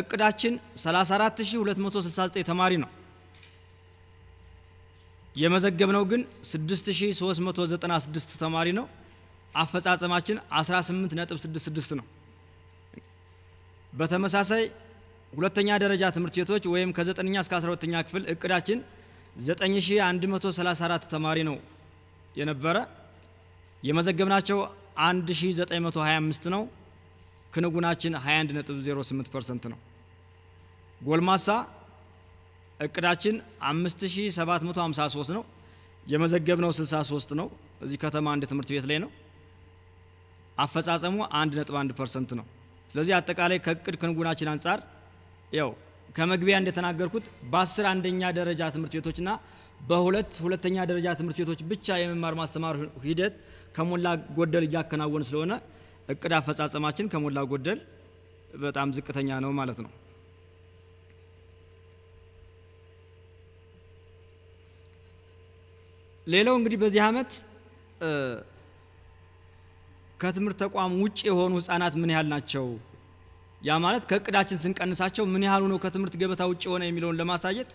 እቅዳችን 34269 ተማሪ ነው። የመዘገብነው ግን 6396 ተማሪ ነው። አፈጻጸማችን 18.66 ነው። በተመሳሳይ ሁለተኛ ደረጃ ትምህርት ቤቶች ወይም ከ9ኛ እስከ 12ኛ ክፍል እቅዳችን 9134 ተማሪ ነው የነበረ የመዘገብናቸው 1925 ነው። ክንውናችን 21.08% ነው። ጎልማሳ እቅዳችን 5753 ነው። የመዘገብነው 63 ነው። እዚህ ከተማ አንድ ትምህርት ቤት ላይ ነው። አፈጻጸሙ 1.1% ነው። ስለዚህ አጠቃላይ ከእቅድ ክንውናችን አንጻር ያው ከመግቢያ እንደተናገርኩት በአስር አንደኛ ደረጃ ትምህርት ቤቶችና በሁለት ሁለተኛ ደረጃ ትምህርት ቤቶች ብቻ የመማር ማስተማር ሂደት ከሞላ ጎደል እያከናወን ስለሆነ እቅድ አፈጻጸማችን ከሞላ ጎደል በጣም ዝቅተኛ ነው ማለት ነው። ሌላው እንግዲህ በዚህ አመት ከትምህርት ተቋም ውጭ የሆኑ ህጻናት ምን ያህል ናቸው? ያ ማለት ከእቅዳችን ስንቀንሳቸው ምን ያህሉ ነው ከትምህርት ገበታ ውጭ የሆነ የሚለውን ለማሳየት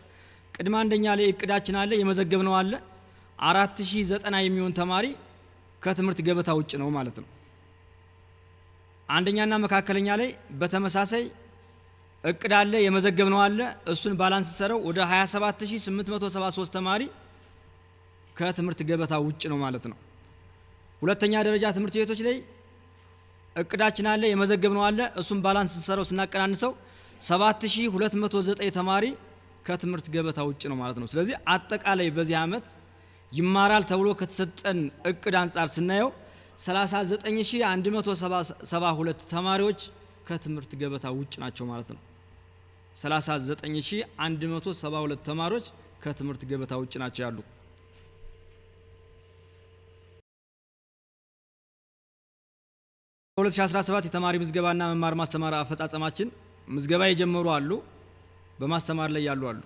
ቅድመ አንደኛ ላይ እቅዳችን አለ፣ የመዘገብ ነው አለ አራት ሺህ ዘጠና የሚሆን ተማሪ ከትምህርት ገበታ ውጭ ነው ማለት ነው። አንደኛና መካከለኛ ላይ በተመሳሳይ እቅድ አለ የመዘገብ ነው አለ እሱን ባላንስ ሰረው ወደ 27873 ተማሪ ከትምህርት ገበታ ውጭ ነው ማለት ነው ሁለተኛ ደረጃ ትምህርት ቤቶች ላይ እቅዳችን አለ የመዘገብ ነው አለ እሱን ባላንስ ሰረው ስናቀናንሰው 7209 ተማሪ ከትምህርት ገበታ ውጭ ነው ማለት ነው ስለዚህ አጠቃላይ በዚህ አመት ይማራል ተብሎ ከተሰጠን እቅድ አንጻር ስናየው 39172 ተማሪዎች ከትምህርት ገበታ ውጭ ናቸው ማለት ነው 39172 ተማሪዎች ከትምህርት ገበታ ውጭ ናቸው ያሉ በ2017 የተማሪ ምዝገባና መማር ማስተማር አፈጻጸማችን ምዝገባ የጀመሩ አሉ በማስተማር ላይ ያሉ አሉ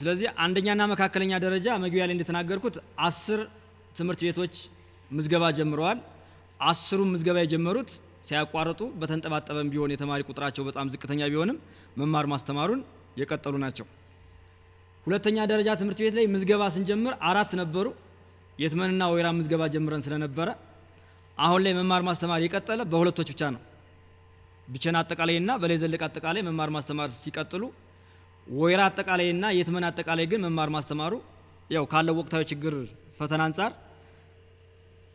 ስለዚህ አንደኛና መካከለኛ ደረጃ መግቢያ ላይ እንደተናገርኩት አስር ትምህርት ቤቶች ምዝገባ ጀምረዋል። አስሩም ምዝገባ የጀመሩት ሳያቋርጡ በተንጠባጠበም ቢሆን የተማሪ ቁጥራቸው በጣም ዝቅተኛ ቢሆንም መማር ማስተማሩን የቀጠሉ ናቸው። ሁለተኛ ደረጃ ትምህርት ቤት ላይ ምዝገባ ስንጀምር አራት ነበሩ። የትመንና ወይራ ምዝገባ ጀምረን ስለነበረ አሁን ላይ መማር ማስተማር የቀጠለ በሁለቶች ብቻ ነው። ብቸና አጠቃላይና በላይ ዘለቅ አጠቃላይ መማር ማስተማር ሲቀጥሉ፣ ወይራ አጠቃላይና የትመን አጠቃላይ ግን መማር ማስተማሩ ያው ካለው ወቅታዊ ችግር ፈተና አንጻር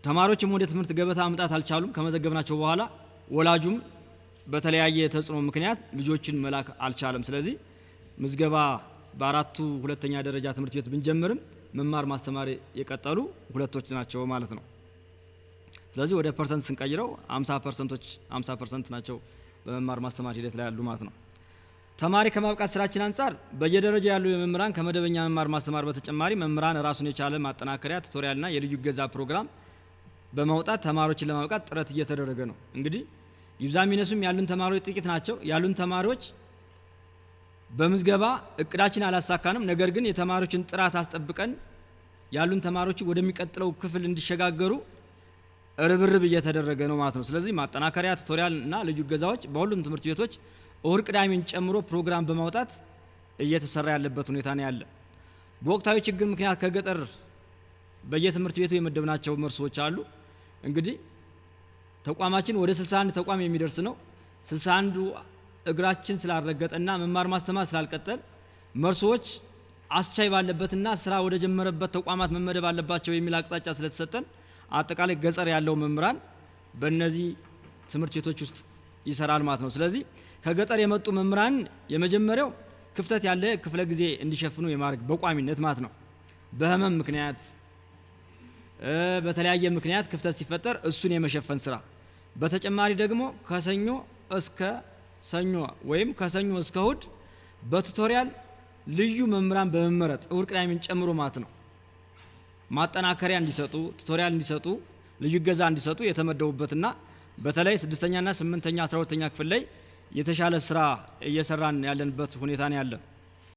ተማሪዎችም ወደ ትምህርት ገበታ መምጣት አልቻሉም። ከመዘገብናቸው በኋላ ወላጁም በተለያየ ተጽዕኖ ምክንያት ልጆችን መላክ አልቻለም። ስለዚህ ምዝገባ በአራቱ ሁለተኛ ደረጃ ትምህርት ቤት ብንጀምርም መማር ማስተማር የቀጠሉ ሁለቶች ናቸው ማለት ነው። ስለዚህ ወደ ፐርሰንት ስንቀይረው አምሳ ፐርሰንቶች አምሳ ፐርሰንት ናቸው በመማር ማስተማር ሂደት ላይ ያሉ ማለት ነው። ተማሪ ከማብቃት ስራችን አንጻር በየደረጃ ያሉ የመምህራን ከመደበኛ መማር ማስተማር በተጨማሪ መምህራን ራሱን የቻለ ማጠናከሪያ ቱቶሪያልና የልዩ ገዛ ፕሮግራም በማውጣት ተማሪዎችን ለማብቃት ጥረት እየተደረገ ነው። እንግዲህ ይብዛ ሚነሱም ያሉን ተማሪዎች ጥቂት ናቸው። ያሉን ተማሪዎች በምዝገባ እቅዳችን አላሳካንም። ነገር ግን የተማሪዎችን ጥራት አስጠብቀን ያሉን ተማሪዎች ወደሚቀጥለው ክፍል እንዲሸጋገሩ ርብርብ እየተደረገ ነው ማለት ነው። ስለዚህ ማጠናከሪያ፣ ቱቶሪያል እና ልዩ እገዛዎች በሁሉም ትምህርት ቤቶች እሁድ ቅዳሜን ጨምሮ ፕሮግራም በማውጣት እየተሰራ ያለበት ሁኔታ ነው ያለ። በወቅታዊ ችግር ምክንያት ከገጠር በየትምህርት ቤቱ የመደብናቸው መርሶች አሉ። እንግዲህ ተቋማችን ወደ 61 ተቋም የሚደርስ ነው። እግራችን ስላልረገጠና መማር ማስተማር ስላልቀጠል መርሶዎች አስቻይ ባለበትና ስራ ወደ ጀመረበት ተቋማት መመደብ አለባቸው የሚል አቅጣጫ ስለተሰጠን አጠቃላይ ገጠር ያለው መምህራን በእነዚህ ትምህርት ቤቶች ውስጥ ይሰራል ማለት ነው። ስለዚህ ከገጠር የመጡ መምህራን የመጀመሪያው ክፍተት ያለ ክፍለ ጊዜ እንዲሸፍኑ የማድረግ በቋሚነት ማለት ነው። በህመም ምክንያት በተለያየ ምክንያት ክፍተት ሲፈጠር እሱን የመሸፈን ስራ በተጨማሪ ደግሞ ከሰኞ እስከ ሰኞ ወይም ከሰኞ እስከ እሁድ በቱቶሪያል ልዩ መምህራን በመመረጥ እሁድ ቅዳሜን ጨምሮ ማለት ነው ማጠናከሪያ እንዲሰጡ ቱቶሪያል እንዲሰጡ ልዩ ገዛ እንዲሰጡ የተመደቡበትና በተለይ ስድስተኛና ስምንተኛ አስራ ሁለተኛ ክፍል ላይ የተሻለ ስራ እየሰራን ያለንበት ሁኔታ ነው ያለን።